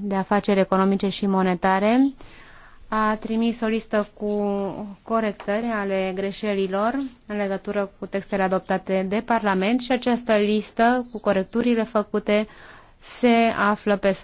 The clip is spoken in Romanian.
de Afaceri Economice și Monetare a trimis o listă cu corectări ale greșelilor în legătură cu textele adoptate de Parlament și această listă cu corecturile făcute se află pe